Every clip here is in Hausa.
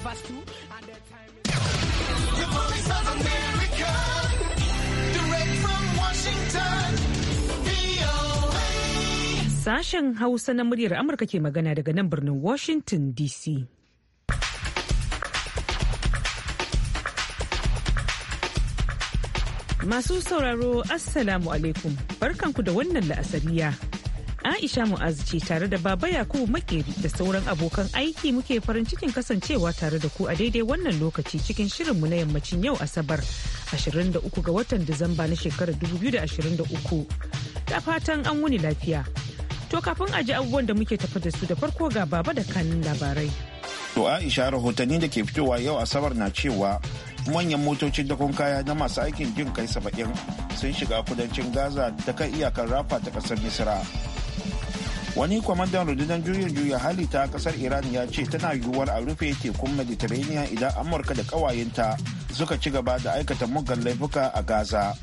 us And the time The voice of America, direct from Washington. Sashen Hausa na muryar Amurka ke magana daga nan birnin Washington DC. Masu sauraro, Assalamu alaikum, barkanku da wannan la'asariya. Aisha Mu'azu ce tare da Baba Yakubu Makeri da sauran abokan aiki muke farin cikin kasancewa tare da ku a daidai wannan lokaci cikin shirin mu na yammacin yau Asabar 23 ga watan Disamba na shekarar 2023. Da fatan an wuni lafiya. To kafin a ji abubuwan da muke tafi da su da farko ga Baba da kanin labarai. To Aisha rahotanni da ke fitowa yau Asabar na cewa manyan motocin dakon kaya na masu aikin jin kai saba'in sun shiga kudancin Gaza da kan iyakar Rafa ta kasar misra wani kwamandan rundunar juyin juya hali ta kasar iran ya ce tana yiwuwar a rufe tekun mediterranean idan amurka da kawayenta suka ci gaba da aikata muggan laifuka a gaza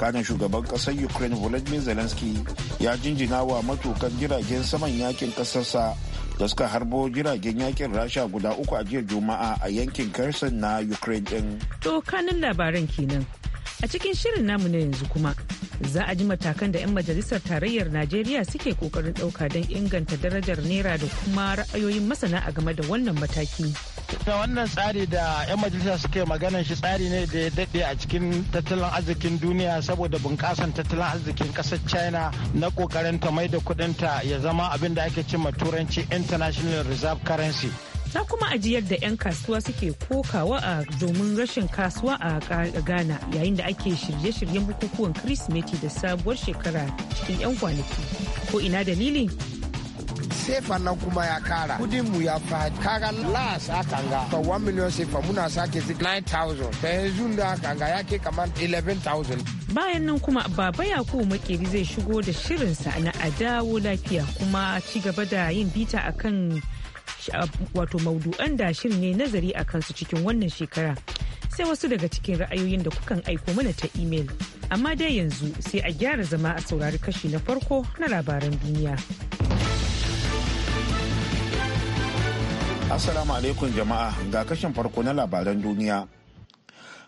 kanin shugaban kasar ukraine volodymyr zelensky ya jinjina wa matukan jiragen saman yakin kasarsa da suka harbo jiragen yakin rasha guda uku a jiya juma'a a yankin kherson na ukraine din to labaran kenan a cikin shirin namu na yanzu kuma za a ji matakan da 'yan majalisar tarayyar najeriya suke kokarin ɗauka don inganta darajar naira da kuma ra'ayoyin masana a game da wannan mataki da wannan tsari da 'yan majalisa suke magana shi tsari ne da ya daɗe a cikin tattalin arzikin duniya saboda bunƙasan tattalin arzikin ƙasar china na ƙoƙarin ta mai da kuɗinta ya zama abin da ake cimma turanci international reserve currency ta kuma ajiyar da 'yan kasuwa suke kokawa a domin rashin kasuwa a ghana yayin da ake shirye-shiryen bukukuwan kirismeti da sabuwar shekara cikin 'yan kwanaki ko ina dalili sefa nan kuma ya kara kudin mu ya fa kaga las kanga to 1 million sefa muna sake 9000 ta yanzu da ya ke kamar 11000 bayan nan kuma baba ku makeri zai shigo da shirinsa na adawo lafiya kuma ci gaba da yin bita akan wato maudu'an da shirin ne nazari a kansu cikin wannan shekara sai wasu daga cikin ra'ayoyin da kukan aiko mana ta imel amma dai yanzu sai a gyara zama a saurari kashi na farko na labaran duniya assalamu alaikum jama'a ga kashin farko na labaran duniya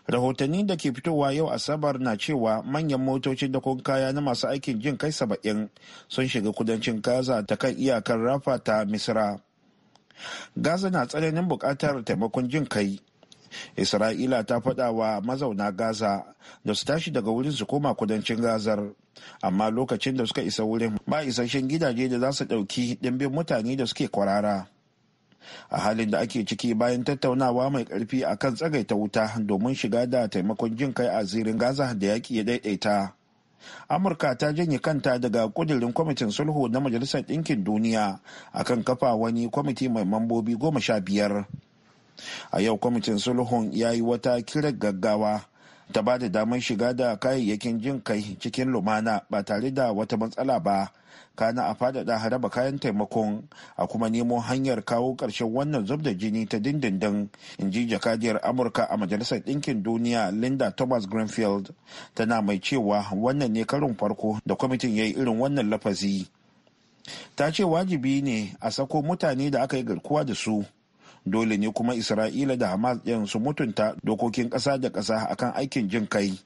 rahotanni da ke fitowa yau asabar na cewa manyan motocin da kun kaya na masu aikin jin kai saba'in sun shiga kudancin gaza ta kan iyakar rafa ta misra gaza na tsananin buƙatar taimakon jin kai isra'ila ta faɗa wa mazauna gaza da su tashi daga wurin su koma kudancin gazar amma lokacin da suka isa wurin ba isasshen gidaje da za su ɗauki ɗimbin mutane da suke kwarara a halin da ake ciki bayan tattaunawa mai ƙarfi akan tsagaita wuta domin shiga da taimakon jin kai a zirin gaza da yaƙi ya daidaita. amurka ta janye kanta daga kudirin kwamitin sulhu na majalisar ɗinkin duniya akan kafa wani kwamiti mai mambobi goma sha biyar a yau kwamitin sulhun ya yi wata kirar gaggawa ta ba da damar shiga da kayayyakin jin kai cikin lumana ba tare da wata matsala ba kana a faɗaɗa haraba kayan taimakon a kuma nemo hanyar kawo ƙarshen wannan zub da jini ta dindindin in ji jakadiyar amurka a majalisar ɗinkin duniya linda thomas greenfield tana mai cewa wannan ne karin farko da kwamitin ya yi irin wannan lafazi ta ce wajibi ne a sako mutane da aka yi garkuwa da su dole ne kuma isra'ila da hamas ɗin su mutunta dokokin ƙasa da ƙasa akan aikin jin kai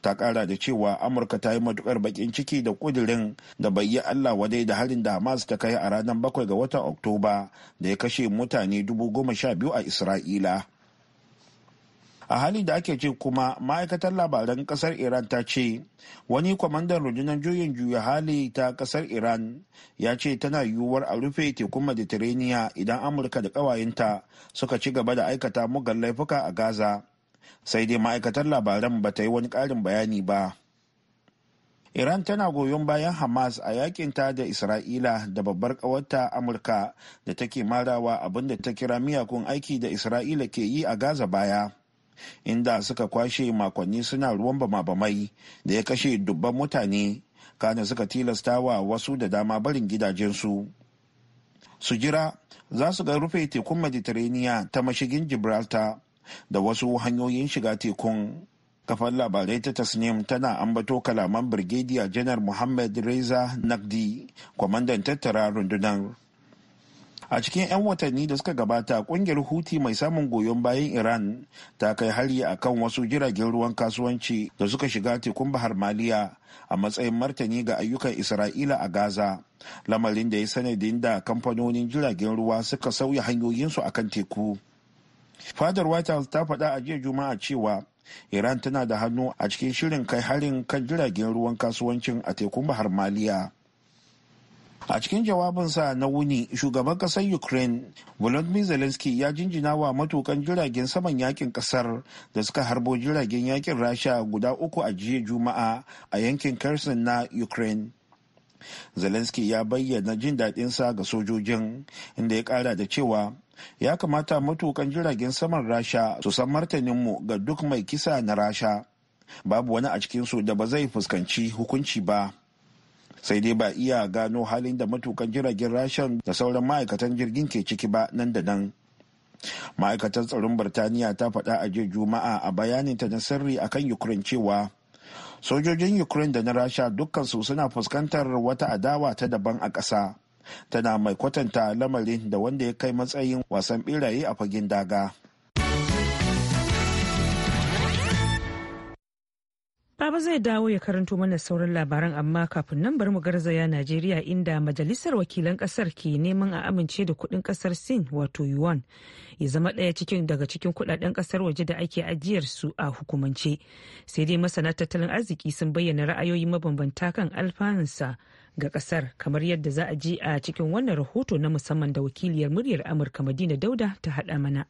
ta kara da cewa amurka ta yi matukar bakin ciki da kudirin da bai yi allah wadai da harin da hamas ta kai a ranar bakwai ga watan oktoba da ya kashe mutane dubu goma sha biyu a isra'ila a halin da ake ce kuma ma'aikatar labaran kasar iran ta ce wani kwamandan rundunar juyin juya hali ta kasar iran ya ce tana yiwuwar a rufe tekun mediterania idan amurka da ƙawayenta suka ci gaba da aikata mugan laifuka a gaza sai dai ma'aikatar labaran ba ta yi wani ƙarin bayani ba Iran tana goyon bayan Hamas a yakinta da Isra'ila da babbar ƙawarta Amurka da take marawa abin da ta kira miyakun aiki da Isra'ila ke yi a Gaza baya. inda suka kwashe makonni suna ruwan bama-bamai da ya kashe dubban mutane kana suka tilasta wa wasu da dama barin gidajensu su jira za su ga rufe tekun mediterania ta mashigin gibraltar da wasu hanyoyin shiga tekun kafar labarai ta tasnim tana ambato kalaman birgediya janar muhammad reza nagdi kwamandan tattara rundunar a cikin 'yan watanni da suka gabata kungiyar huti mai samun goyon bayan iran ta kai hari a kan wasu jiragen ruwan kasuwanci da suka shiga tekun bahar maliya a matsayin martani ga ayyukan isra'ila a gaza lamarin da ya sanadin da kamfanonin jiragen ruwa suka sauya hanyoyinsu a kan teku fadar white house ta faɗa a jiya juma'a cewa iran tana da hannu a cikin shirin kai harin kan jiragen ruwan kasuwancin a tekun bahar maliya a cikin jawabinsa na wuni shugaban kasar ukraine volodymyr zelensky ya jinjina wa matukan jiragen saman yakin kasar da suka harbo jiragen yakin rasha guda uku a jiya juma'a a yankin kherson na ukraine zelensky ya bayyana jin daɗinsa ga sojojin inda ya ƙara da cewa ya kamata matukan jiragen saman rasha su san martaninmu ga duk mai kisa na rasha babu wani a cikinsu da ba zai fuskanci hukunci ba sai dai ba iya gano halin da matukan jiragen rashan da sauran ma'aikatan jirgin ke ciki ba nan da nan ma'aikatar tsaron birtaniya ta faɗa a jiya juma'a a ta na sirri akan ukraine cewa sojojin ukraine da na rasha dukkansu suna fuskantar wata adawa ta daban a ƙasa tana mai kwatanta lamarin da wanda ya kai matsayin wasan beraye a fagen daga Baba zai dawo ya karanto mana sauran labaran amma kafin nan bari mu garzaya Najeriya inda majalisar wakilan kasar ke neman a amince da kuɗin kasar Sin wato yuan ya zama ɗaya cikin daga cikin kuɗaɗen kasar waje da ake ajiyar su a hukumance. Sai dai masana tattalin arziki sun bayyana ra'ayoyi mabambanta kan alfanunsa ga kasar kamar yadda za a ji a cikin wannan rahoto na musamman da wakiliyar muryar Amurka Madina Dauda ta haɗa mana.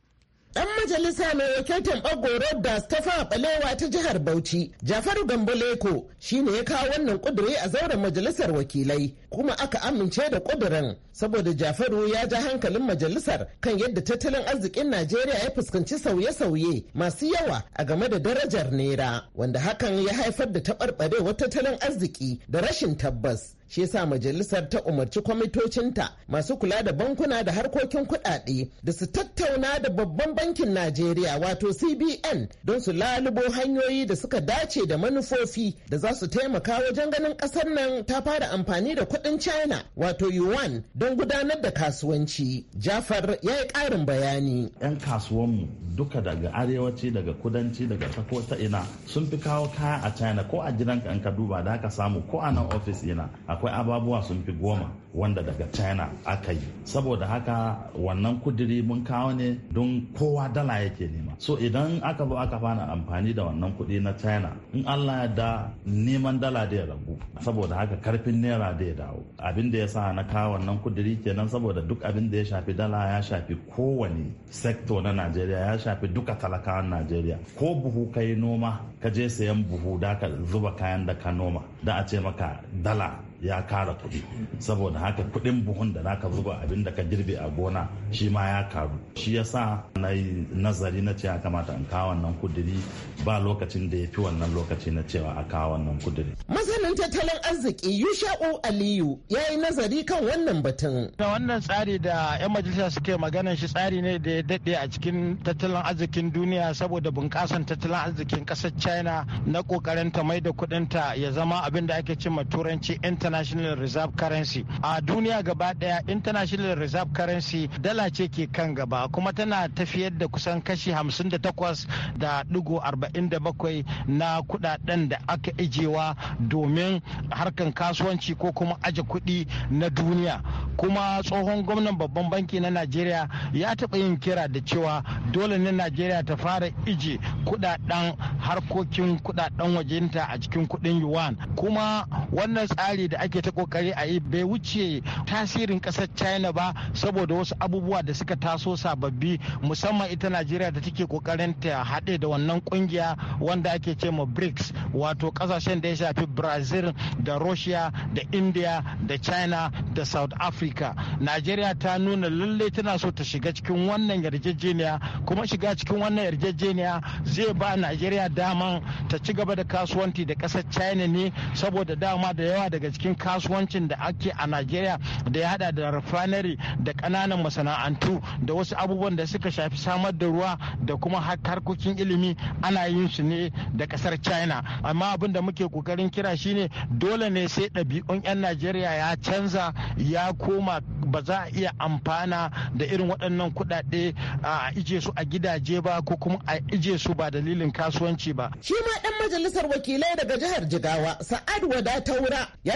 Dan majalisa mai wakiltar Bagoro da Stafa Balewa ta jihar Bauchi, Jafaru Gamboleko shine ya kawo wannan kuduri a zauren majalisar wakilai kuma aka amince da kudurin saboda Jafaru ya ja hankalin majalisar kan yadda tattalin arzikin Najeriya ya fuskanci sauye-sauye masu yawa a game da darajar naira wanda hakan ya haifar da taɓarɓarewar tattalin arziki da rashin tabbas. shi yasa majalisar ta umarci kwamitocinta masu kula da bankuna da harkokin kuɗaɗe da su tattauna da babban bankin najeriya wato cbn don su lalubo hanyoyi da suka dace da manufofi da za su taimaka wajen ganin ƙasar nan ta fara amfani da kuɗin china wato yuan don gudanar da kasuwanci jafar ya yi ƙarin bayani 'yan kasuwanmu duka daga arewaci daga kudanci daga tako ta ina sun fi kawo kaya a china ko a gidanka ka duba da aka samu ko a nan ofis ina akwai ababuwa sun fi goma wanda daga china aka yi saboda haka wannan kudiri mun kawo ne don kowa dala yake nema so idan aka zo aka fana amfani da wannan kudi na china in allah ya da neman dala da ya ragu saboda haka karfin naira da ya dawo abin da ya sa na kawo wannan kudiri kenan saboda duk abin da ya shafi dala ya shafi kowane sektor na najeriya ya shafi duka talakawan najeriya ko buhu kai noma ka je sayan buhu da ka zuba kayan da ka noma da a ce maka dala ya kara kuɗi saboda haka kuɗin buhun da naka zuba abin da ka girbe a gona shi ma ya karu shi yasa na yi nazari na ya kamata in kawo wannan kudiri ba lokacin da ya fi wannan lokaci na cewa a kawo wannan kudiri. masanin tattalin arziki yusha'u aliyu ya yi nazari kan wannan batun. da wannan tsari da 'yan majalisa suke maganan shi tsari ne da ya daɗe a cikin tattalin arzikin duniya saboda bunƙasan tattalin arzikin ƙasar china na ƙoƙarin ta mai da kuɗinta ya zama abin da ake cimma turanci internet international reserve currency a duniya gaba daya international reserve currency dala ce ke kan gaba kuma tana tafiyar da kusan kashi 58.47 na kudaden da aka ijewa domin harkan kasuwanci ko kuma aje kudi na duniya kuma tsohon gwamnan babban banki na najeriya ya taba yin kira da cewa dole ne najeriya ta fara ije kudaden harkokin kudaden wajenta a cikin kudin yuan kuma wannan tsari da da ake ta kokari a yi bai wuce tasirin kasar china ba saboda wasu abubuwa da suka taso sababbi musamman ita najeriya da take kokarin ta haɗe da wannan kungiya wanda ake ce ma brics wato kasashen da ya shafi brazil da russia da india da china da south africa najeriya ta nuna lallai tana so ta shiga cikin wannan yarjejeniya kuma shiga cikin wannan yarjejeniya zai ba najeriya daman ta ci gaba da kasuwanci da kasar china ne saboda dama da yawa daga cikin cikin kasuwancin da ake a Najeriya da ya hada da refinery da ƙananan masana'antu da wasu abubuwan da suka shafi samar da ruwa da kuma harkokin ilimi ana yin su ne da ƙasar China. Amma abin da muke ƙoƙarin kira shine dole ne sai ɗabi'un 'yan Najeriya ya canza ya koma ba za a iya amfana da irin waɗannan kuɗaɗe a ije su a gidaje ba ko kuma a ije su ba dalilin kasuwanci ba. Shi ma ɗan majalisar wakilai daga jihar Jigawa Sa'ad Wada Taura ya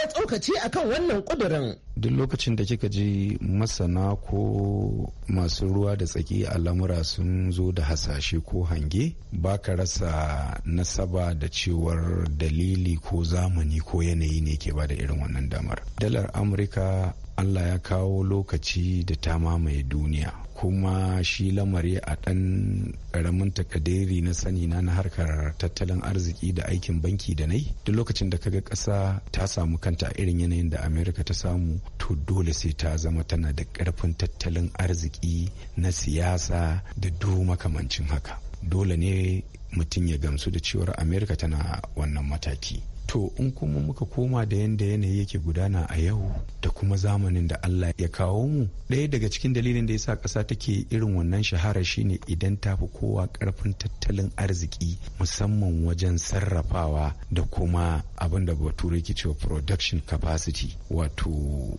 a kan wannan kudurin. Duk lokacin da kika ji masana ko masu ruwa da tsaki a lamura sun zo da hasashe ko hange ba ka rasa nasaba da cewar dalili ko zamani ko yanayi ne ke ba da irin wannan damar. Dalar Amurka Allah ya kawo lokaci da ta mamaye duniya kuma shi lamari a ɗan ƙaramin takadiri na sani na harkar tattalin arziki da aikin banki da nai duk lokacin da kaga ƙasa ta samu kanta a irin yanayin da amerika ta samu to dole sai ta zama tana da ƙarfin tattalin arziki na siyasa da duk makamancin haka dole ne mutum ya gamsu da cewar amerika tana wannan mataki to in kuma muka koma da yadda yanayi yake gudana a yau da kuma zamanin da allah ya kawo mu ɗaya daga cikin dalilin da yasa ƙasa take irin wannan shahara shine idan ta fi kowa ƙarfin tattalin arziki musamman wajen sarrafawa da kuma abin da bature ke cewa production capacity wato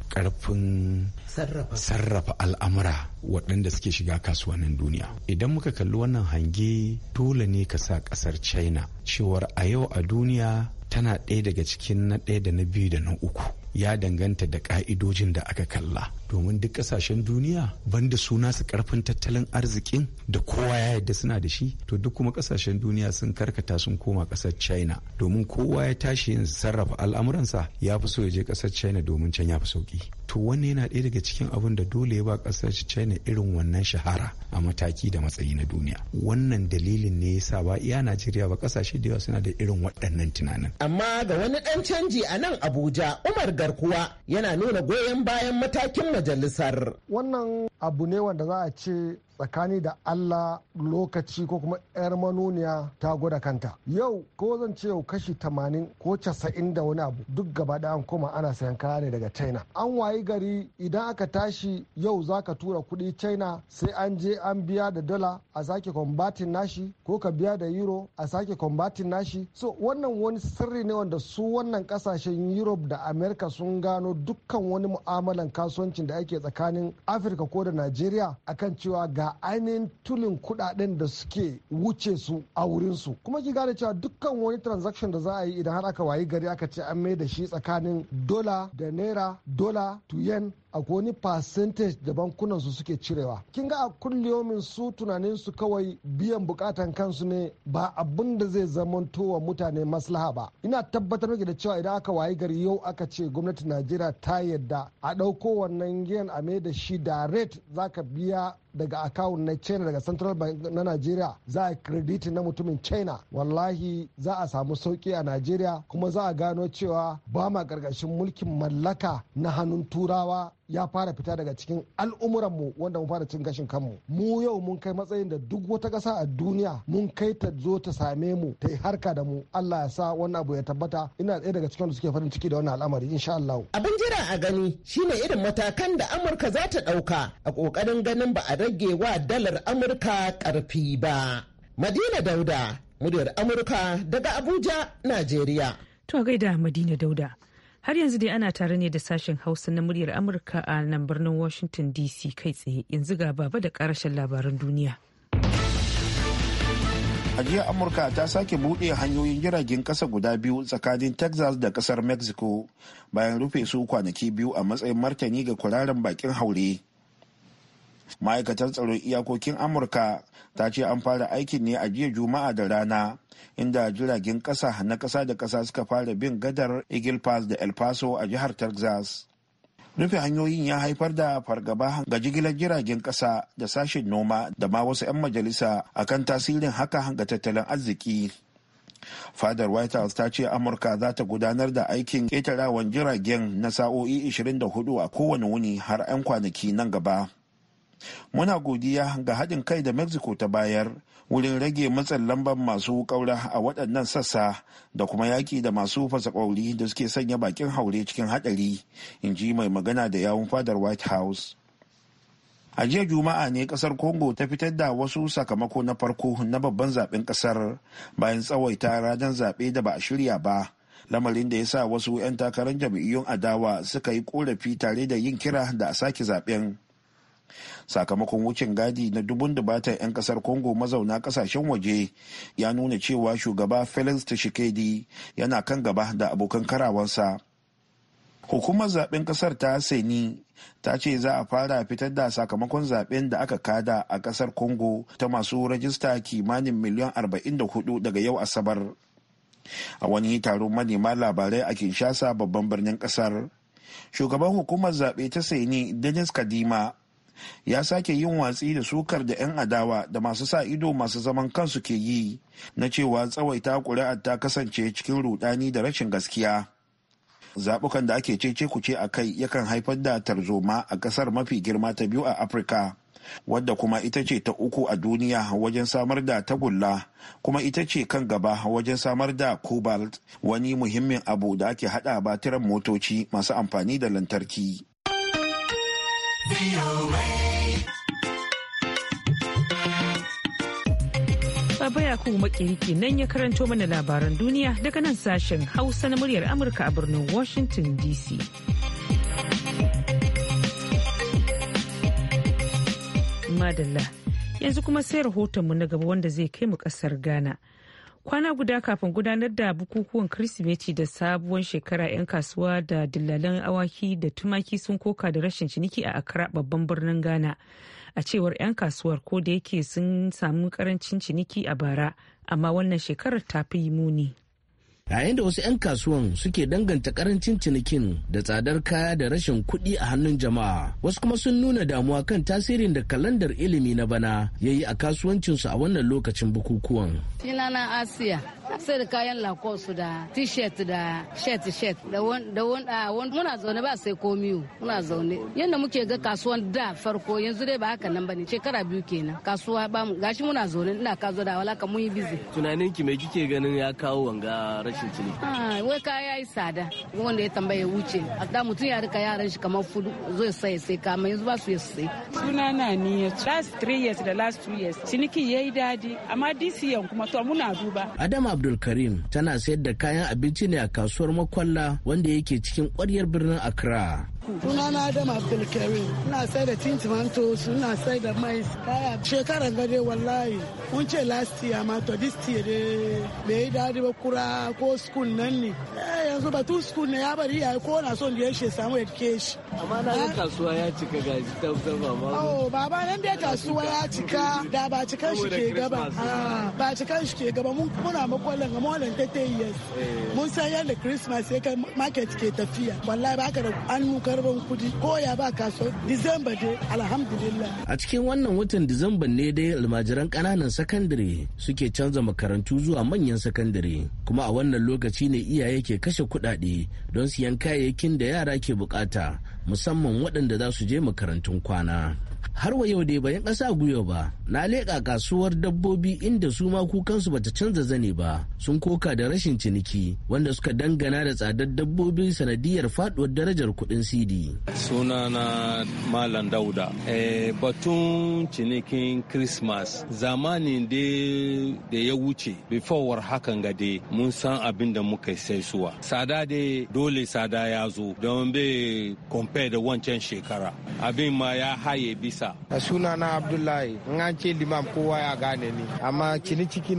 ƙarfin sarrafa al'amura waɗanda suke shiga kasuwannin duniya idan muka kalli wannan hange dole ne ka sa kasar china cewar a yau a duniya tana ɗaya daga cikin na ɗaya da na biyu da na uku ya danganta da ka'idojin da aka kalla domin duk kasashen duniya banda suna su karfin tattalin arzikin da kowa ya yadda suna da shi to duk kuma kasashen duniya sun karkata sun koma kasar china domin kowa ya tashi yin sarrafa al'amuransa ya fi so ya je kasar china domin can ya fi sauki to wannan yana ɗaya daga cikin abin da dole ya ba kasar china irin wannan shahara a mataki da matsayi na duniya wannan dalilin ne yasa ba iya najeriya ba kasashe da yawa suna da irin waɗannan tunanin amma ga wani ɗan canji a nan abuja umar garkuwa yana nuna goyon bayan matakin majalisar. Wannan abu ne wanda za a ce tsakani da allah lokaci ko kuma 'yar manuniya ta gwada kanta yau ko zan ce yau kashi 80 ko 90 da wani abu duk gaba da an koma ana sayan kaya ne daga china an wayi gari idan aka tashi yau zaka tura kuɗi china sai an je an biya da dala a sake kwambatin nashi ko ka biya da euro a sake kwambatin nashi so wannan wani sirri ne wanda su wannan kasashen europe da america sun gano dukkan wani mu'amalan kasuwancin da ake tsakanin afirka ko da najeriya akan cewa ga a ainihin tulin kudaden da suke wuce su a wurinsu kuma ki gane cewa dukkan wani transaction da za a yi idan har aka wayi gari aka ce an mai da shi tsakanin dola da naira dola to yen akwai wani percentage da bankunansu suke cirewa kin ga a kulliyomin su tunanin su kawai biyan bukatan kansu ne ba abin da zai zamanto wa mutane maslaha ba ina tabbatar miki da cewa idan aka wayi gari yau aka ce gwamnatin najeriya ta yadda a ɗauko wannan giyan a da shi da zaka biya daga akawun na china daga central bank na nigeria za a credit na mutumin china wallahi za a samu sauki a nigeria kuma za a gano cewa ba ma karkashin mulkin mallaka na hannun turawa ya fara fita daga cikin al'umuranmu wanda mu fara cin gashin kanmu mu yau mun kai matsayin da duk wata ƙasa a duniya mun kai ta zo ta same mu ta yi harka da mu Allah ya sa wannan abu ya tabbata ina ɗaya daga cikin da suke farin ciki da wannan al'amari insha Allah abin jira a gani shine irin matakan da Amurka za ta ɗauka a kokarin ganin ba a rage wa dalar Amurka karfi ba Madina Dauda muryar Amurka daga Abuja Najeriya to gaida Madina Dauda Har yanzu dai ana tare ne da sashen Hausa na muryar Amurka a nan birnin Washington DC kai tsaye yanzu ga baba da karashen labaran duniya. A jiya Amurka ta sake buɗe hanyoyin jiragen ƙasa guda biyu tsakanin Texas da ƙasar Mexico bayan rufe su kwanaki biyu a matsayin martani ga kuraren bakin haure. ma'aikatar tsaron iyakokin amurka ta ce an fara aikin ne a jiya juma'a da rana inda jiragen kasa na kasa da kasa suka fara bin gadar eagle pass da el paso a jihar texas rufe hanyoyin ya haifar da fargaba ga jigilar jiragen kasa da sashen noma da ma wasu 'yan majalisa akan tasirin haka ga tattalin arziki fadar white house ta ce amurka za ta gudanar da aikin ƙetarawan jiragen na sa'o'i 24 a kowane wuni har 'yan kwanaki nan gaba muna godiya ga haɗin kai da mexico ta bayar wurin rage matsin lambar masu ƙaura a waɗannan sassa da kuma yaƙi da masu fasa ƙauri da suke sanya bakin haure cikin haɗari in ji mai magana da yawun fadar white house a jiya juma'a ne kasar congo ta fitar da wasu sakamako na farko na babban zaben kasar bayan tsawaita ranar zaɓe da ba a shirya ba lamarin da ya sa wasu 'yan takarar jam'iyyun adawa suka yi korafi tare da yin kira da a sake zaben sakamakon wucin gadi na dubun dubatan 'yan kasar congo mazauna kasashen waje ya nuna cewa shugaba felix tshisekedi yana kan gaba da abokan karawansa hukumar zaben kasar ta seni ta ce za a fara fitar da sakamakon zaben da aka kada a kasar congo ta masu rajista kimanin miliyan 44 daga yau asabar a wani taron manema labarai a kinshasa babban birnin kasar shugaban hukumar zaɓe ta saini denis kadima ya sake yin watsi da sukar da 'yan adawa da masu sa ido masu zaman kansu ke yi na cewa tsawaita ƙuri'ar ta kasance cikin rudani da rashin gaskiya zaɓukan da ake cece kuce a kai yakan haifar da tarzoma a ƙasar mafi girma ta biyu a afirka wadda kuma ita ce ta uku a duniya wajen samar da tagulla kuma ita ce kan gaba wajen samar da cobalt wani muhimmin abu da ake haɗa batiran motoci masu amfani da lantarki Baba Yakubu Makiriki nan ya karanto mana labaran duniya daga nan sashen Hausa na muryar Amurka a birnin Washington DC. Madalla, yanzu kuma sai rahotonmu na gaba wanda zai kai mu kasar Ghana. kwana guda kafin gudanar da bukukuwan kirsimeti da sabuwar shekara 'yan kasuwa da dillalan awaki da tumaki sun koka da rashin ciniki a akara babban birnin ghana a cewar 'yan kasuwar ko da yake sun samu karancin ciniki a bara amma wannan shekarar ta fi muni yayin da wasu 'yan kasuwan suke danganta karancin cinikin da tsadar kaya da rashin kuɗi a hannun jama'a wasu kuma sun nuna damuwa kan tasirin da kalandar ilimi na bana ya yi a kasuwancinsu a wannan lokacin bukukuwan sunana asiya sai da kayan lakosu da t-shirt da shirt shirt da wanda muna zaune ba sai komiyo muna zaune yadda muke ga kasuwan da farko yanzu dai ba haka nan bane shekara biyu kenan kasuwa ba gashi muna zaune ina kazo da walaka mun yi bizi tunanin ki me kike ganin ya kawo wanga rashin cincini. Ah, wai kaya yi tsada wanda ya tambaye wuce a da mutum ya rika yaran shi kamar fudu zai sai sai kama yanzu ba su ya sai. suna na ni ya last three years da last two years ciniki ya yi dadi amma this year kuma to muna duba. adam abdulkarim tana sayar da kayan abinci ne a kasuwar makwalla wanda yake cikin kwaryar birnin accra Sunana Adam Abdulkarim, ina sai da tin tomatoes, suna sai da mais, kaya. Shekaran gade wallahi, mun ce last year ma to this year dai bai dadi ba kura ko school nan ne. Eh, yanzu batu school ne ya bari yayi ko na son da yashe she samu education. Amma na ga ah. kasuwa ya cika gaji ta ba ma. Oh, baba nan dai kasuwa ya cika da ba cikan shi ke gaba. Ah, ba cikan shi ke gaba mun kuna makwallan ga mallan ta ta yi eh. Mun san yadda Christmas sai kai market ke tafiya. Wallahi ba ka da an muka karban kudi ko ya ba kaso disamba dai alhamdulillah a cikin wannan watan disamba ne dai almajiran kananan sakandare suke canza makarantu zuwa manyan sakandare kuma a wannan lokaci ne iyaye ke kashe kudade don siyan kayayyakin da yara ke bukata musamman waɗanda za su je makarantun kwana har wa yau dai bayan ƙasa guyo ba na leƙa kasuwar dabbobi inda su ma kukansu bata canza zane ba sun koka da rashin ciniki wanda suka dangana da tsadar dabbobin sanadiyar faduwar darajar kuɗin cd sunana malam dauda e, batun cinikin christmas zamanin da ya wuce before hakan gade mun san abin da muka sai suwa sada dai dole sada ya zo don bai compare da wancan shekara abin ma ya haye bisa a sunana Abdullahi, in an ce liman kowa ya gane ni, amma ciniki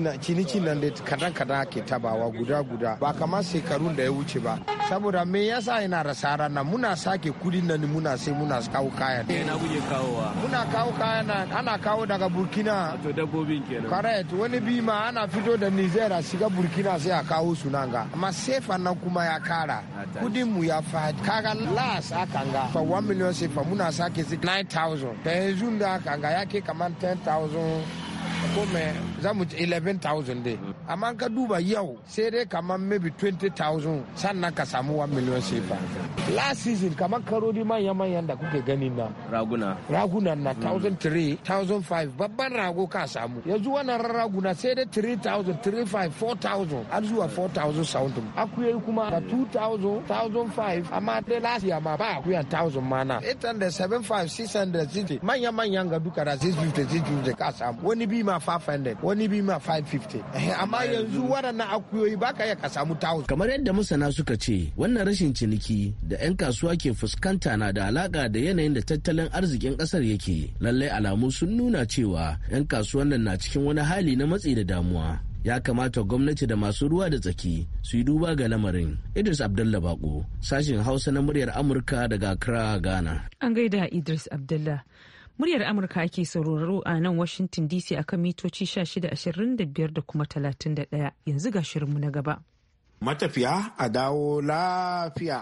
nan da kadan kadan ke tabawa guda guda ba kamar shekarun da ya wuce ba. Saboda me yasa ina da sara na muna sake kudin nan muna sai muna kawo kayan. Ina kuke kawowa? Muna kawo kayan nan ana kawo daga Burkina. To dabbobin kenan. Correct wani bi ma ana fito da Niger a shiga Burkina sai a kawo su ga. Amma sefa nan kuma ya kara. Kudin mu ya fadi. Kaga las akan ga. Fa 1 million sefa muna sake 9000. yanzu da kanga yake kamar 10,000 kome za mu 11,000 dai amma ka duba yau sai dai kamar maybe 20,000 sannan ka samu 1 million sefa last season kamar karodi manya manyan da kuke gani na raguna raguna na 1,300 1,500 babban rago ka samu yanzu wannan raguna sai dai 3,000 3,500 4,000 har zuwa 4,000 something akuyoyi kuma da 2,000 1,500 amma dai last year ma ba akuya 1,000 mana 800 7,500 600 manya manyan ga duka da 650 650 ka samu wani bi ma 500 wani wani bi ma 550 amma yanzu waɗannan akuyoyi ba ka yi ka samu tawo kamar yadda masana suka ce wannan rashin ciniki da 'yan kasuwa ke fuskanta na da alaƙa da yanayin da tattalin arzikin ƙasar yake lallai alamu sun nuna cewa 'yan kasuwan nan na cikin wani hali na matsi da damuwa ya kamata gwamnati da masu ruwa da tsaki su yi duba ga lamarin idris abdullah bako sashen hausa na muryar amurka daga accra ghana an gaida idris abdullah Muryar Amurka ake sauraro a nan Washington DC akan mitoci 1625 da kuma 31 yanzu ga shirinmu na gaba. Matafiya a dawo lafiya.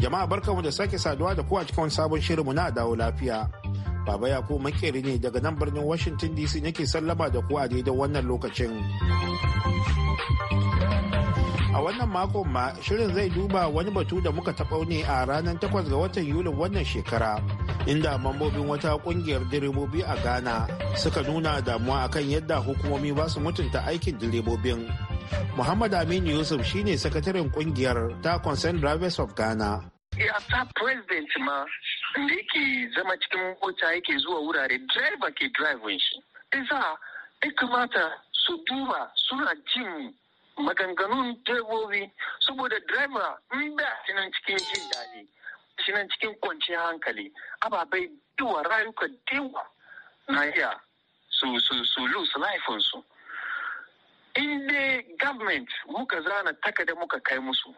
Jama'a barkanmu da sake saduwa da kowa cikin sabon shirinmu na dawo lafiya. Baba Yakubu makeri ne daga nan birnin Washington DC nake sallama da ku a daidai wannan lokacin. A wannan makon ma shirin zai duba wani batu da muka taɓa ne a ranar 8 ga watan Yulin wannan shekara, inda mambobin wata ƙungiyar direbobi a Ghana suka nuna damuwa akan yadda hukumomi ba su mutunta aikin direbobin. Muhammad Aminu Yusuf shine sakataren kungiyar ta Concerned Drivers of Ghana. president ma da yake zama cikin mota yake zuwa wurare driver ke driving shi. Isa ya kamata su duba suna jin maganganun direbobi saboda direba in ba sinan cikin jin daɗi sinan cikin kwanciyar hankali ababai duwa rayuka dewa na iya su su su lose life in dai government muka zana takada muka kai musu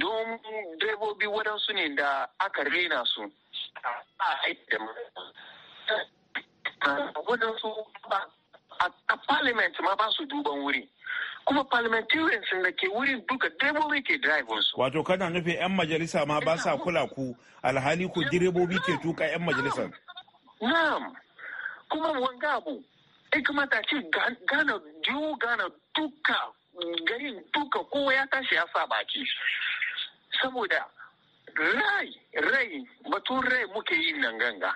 don direbobi waɗansu ne da aka rena su a waɗansu ba a parliament ma ba su duban wuri kuma parliamentarians da ke wurin duka direbobi ke su. wato kana nufin 'yan majalisa ma ba sa kula ku alhali ku direbobi ke tuka 'yan majalisar na'am kuma wanga abu ya kamata ce gana jiwo gana duka garin duka kowa ya tashi ya sa baki saboda rai rai batun rai muke yi nan ganga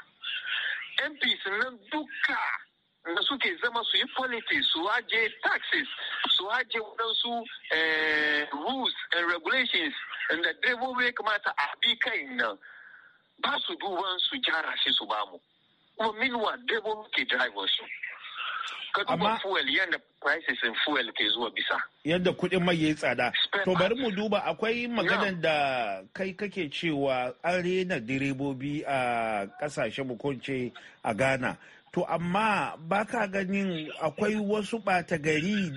mp nan duka da suke zama su yi politics su taxes su waɗansu eh, rules and regulations da direbobi ya kamata a bi kai nan ba su duban su gyara shi su bamu kuma minuwa ke ka duba fuel yadda prices in fuel ke zuwa bisa yadda kuɗin mai yayi tsada to bari mu duba akwai maganar da kai kake cewa an rena direbobi a kasashe mu a Ghana to amma baka ganin akwai wasu ɓata gari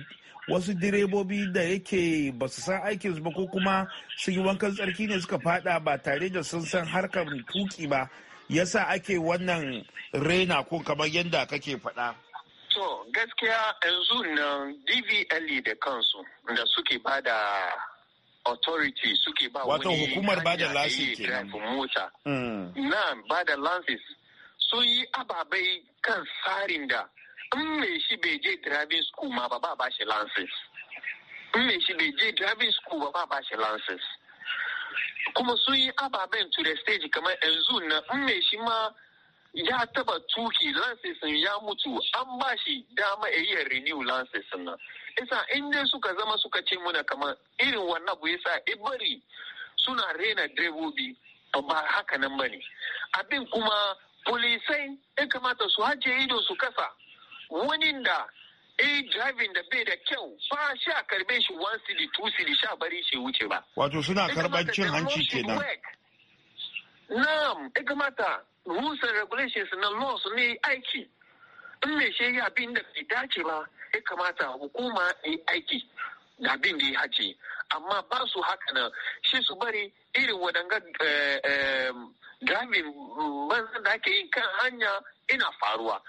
wasu direbobi da yake ba su san aikinsu ba ko kuma sun yi wankan tsarki ne suka fada ba tare da sun san harkar tuki ba yasa ake wannan rena ko kamar yadda kake faɗa. To gaskiya yanzu nan DVL e da kansu da suke ba da authority suke ba Wato hukumar ba da lansi mm. Na ba da lansis su yi ababai kan tsarin da in mai shi bai je driving school ma ba ba ba shi lansis. In mai shi bai je driving school ba ba ba shi lansis. Kuma su yi ababen to the stage kamar yanzu na in mai shi ma ya taba tuki lancesin ya mutu an ba shi dama ya iya renew lancesin nan isa in dai suka zama suka ce muna kamar irin wannan bu yasa ibari suna rena direbobi ba haka nan bane abin kuma polisai ya kamata su haje ido su kasa wani da e driving da bai da kyau ba sha karbe shi one city two city sha bari shi wuce ba wato suna karban cin hanci kenan na'am ya kamata rules and regulations na laws su ne aiki in mai shi ya abin da bai dace ba ya kamata hukuma yi aiki da abin da ya hace amma ba su haka nan shi su bari irin wadanga gamin eh, eh, mm, banzan da ake yi kan hanya ina faruwa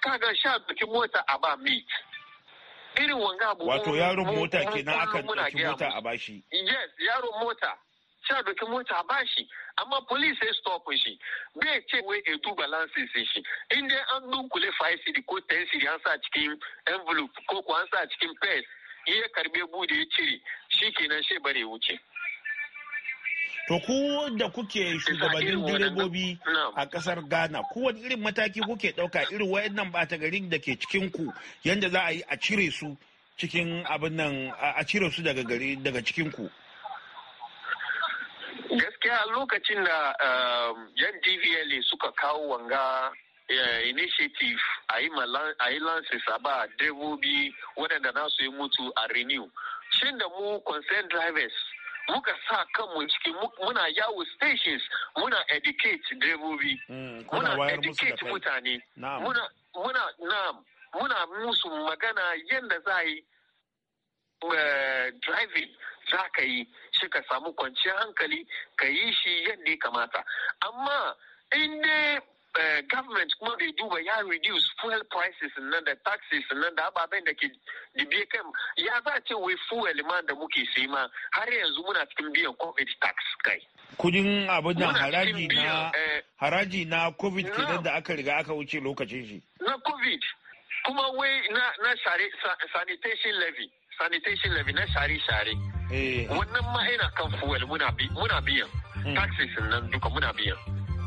kaga sha doki mota a ba meat irin wanga abu wato yaro mota kenan akan doki mota a bashi yes yaron mota sai a dokin mota a bashi amma police sai stop shi bai ce wai a duba lances shi in dai an dunkule 5 cd ko 10 cd an sa cikin envelope ko ko an sa cikin purse ya karbe bude ya cire shi kenan shi bare wuce To ku da kuke shugabannin direbobi a kasar Ghana, kowane irin mataki kuke ɗauka irin wayannan bata garin da ke cikin ku yadda za a yi a cire su cikin abin nan a cire su daga gari daga cikin ku. gaskiya lokacin da um, yan dvla e suka kawo wanga eh, initiative a yi lances a ba direbobi waɗanda nasu yi mutu a renew shin da mu concern drivers muka sa kanmu cikin muna yawo stations muna educate direbobi mm, muna educate mutane muna muna muna musu magana yadda za a yi eh, driving za ka yi shi ka samu kwanciyar hankali ka yi shi yadda ya kamata amma in dai eh, government kuma bai duba ya reduce fuel prices nan da taxes nan da ababen da ke dibe kan ya za ce wai fuel ma da muke sai ma har yanzu muna cikin biyan covid tax kai kudin abin haraji na eh, haraji na covid kenan da aka riga aka wuce lokacin shi na covid kuma wai na na sanitation levy sanitation levy na share shari eh. wannan ma ina kan fuel muna biyan hmm. taxes nan duka muna biyan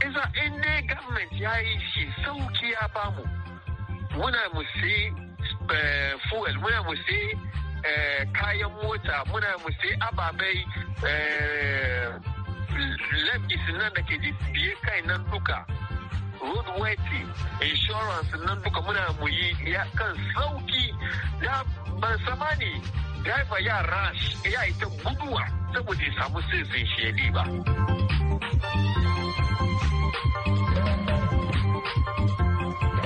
isa in dai government ya yi shi sauki ya bamu muna mu eh, fuel muna mu eh, kayan mota muna mu sai ababai levy nan da ke biye kai nan duka roadworthy insurance nan duka muna mu yi kan sauki da ban samani driver ya rush ya ita guduwa saboda ya samu sirrin shedi ba.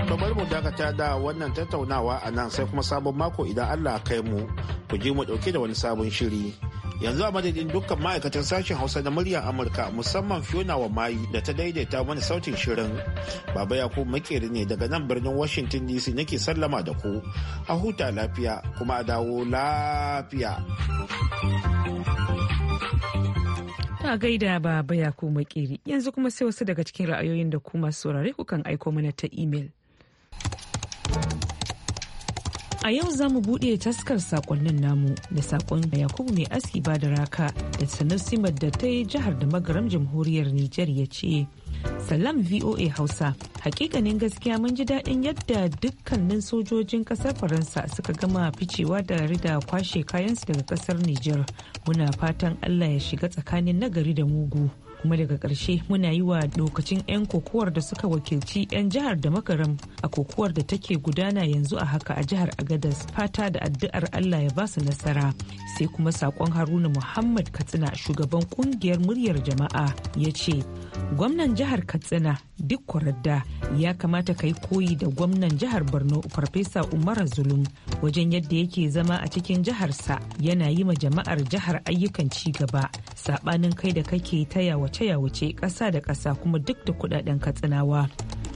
kamar mu dakata da wannan tattaunawa a nan sai kuma sabon mako idan Allah kai mu ku je mu dauke da wani sabon shiri yanzu a madadin dukkan ma'aikatan sashen hausa na muryar amurka musamman fiona wa mayu da ta daidaita mana sautin shirin baba yakubu makeri ne daga nan birnin washington dc nake sallama da ku a huta lafiya kuma a dawo lafiya ta gaida baba yakubu makeri yanzu kuma sai wasu daga cikin ra'ayoyin da kuma saurare kukan aiko mana ta imel. A yau za mu buɗe taskar saƙonnin namu da sakon Yakubu mai aski ba da raka da ta yi jihar da magaram jamhuriyar Nijar ya ce, Salam VOA Hausa, hakikanin gaskiya mun ji daɗin yadda dukkanin sojojin ƙasar Faransa suka gama ficewa da rida kwashe kayansu daga ƙasar Nijar. Muna fatan Allah ya shiga tsakanin nagari da mugu. kuma daga ƙarshe muna yi wa lokacin 'yan kokowar da suka wakilci 'yan jihar da makaram a kokowar da take gudana yanzu a haka a jihar agadas fata da addu'ar allah ya basu nasara sai kuma sakon haruna muhammad katsina shugaban kungiyar muryar jama'a ya ce gwamnan jihar katsina duk kwaradda ya kamata ka yi koyi da gwamnan jihar borno farfesa umar zulum wajen yadda yake zama a cikin jiharsa yana yi ma jama'ar jihar ayyukan ci gaba sabanin kai da kake ta yawace-yawace ƙasa da ƙasa kuma duk da kudaden katsinawa.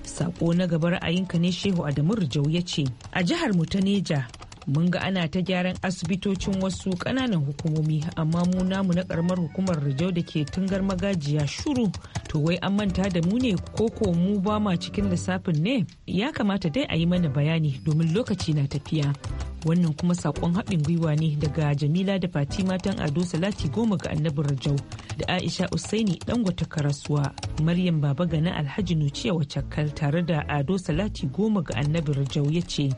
Sako na gaba ra'ayinka ne Shehu Adamu Rijau ya ce, A jihar mu ta Neja, mun ga ana ta gyaran asibitocin wasu kananan hukumomi amma mu namu na karamar hukumar rijau da ke tungar magajiya shuru to wai an manta da mu ne ko ko mu ba ma cikin lissafin ne ya kamata dai a yi mana bayani domin lokaci na tafiya wannan kuma sakon haɗin gwiwa ne daga jamila da fatima tan ado salati goma ga annabin rajau da aisha usaini dangwata karasuwa maryam baba gana alhaji nuciya wacakal tare da ado salati goma ga annabin rajau ya ce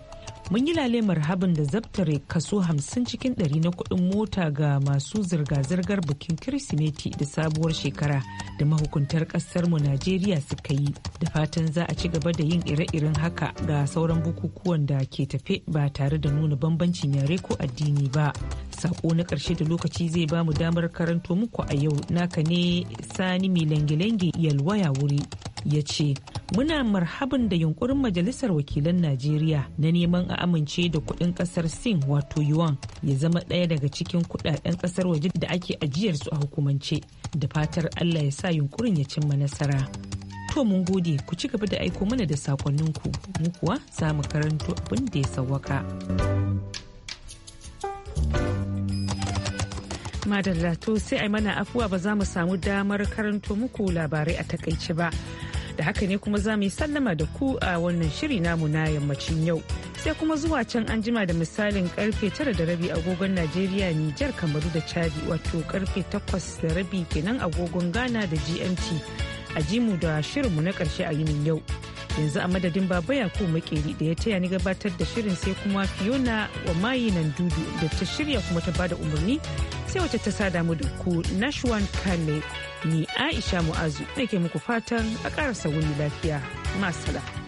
mun yi lalemar habin da zabtare kaso 50 cikin 100 na kudin mota ga masu zirga-zirgar bikin kirsimeti da sabuwar shekara da mahukuntar ƙasarmu najeriya suka yi da fatan za a ci gaba da yin ire-iren haka ga sauran bukukuwan da ke tafe ba tare da nuna bambancin yare ko addini ba sako na karshe da lokaci zai ba mu damar karanto muku a yau naka ne sani mai lange-lange yalwaya wuri ya ce muna marhaban da yunkurin majalisar wakilan najeriya na neman a amince da kudin kasar sin wato yuan ya zama ɗaya daga cikin kudaden kasar waje da ake ajiyarsu a hukumance da fatar allah ya sa yunkurin ya cimma nasara to mun gode ku ci gaba da aiko mana da sakonninku mu kuwa za mu karanto abin da ya sawwaka. madalla to sai ai mana afuwa ba za mu samu damar karanto muku labarai a takaice ba da haka ne kuma za mu yi sallama da ku a wannan shiri namu na yammacin yau sai kuma zuwa can an jima da misalin karfe tara da rabi agogon najeriya nijar kamaru da chadi wato karfe takwas da rabi kenan agogon ghana da gmt a jimu da shirinmu na karshe a yinin yau yanzu a madadin baba ko makeri da ya taya ni gabatar da shirin sai kuma fiona wa mayi nan dudu da ta shirya kuma ta bada umarni sai wacce ta sada mu da ku nashwan kane ni aisha mu'azu nake muku fatan a karasa wuni lafiya masala.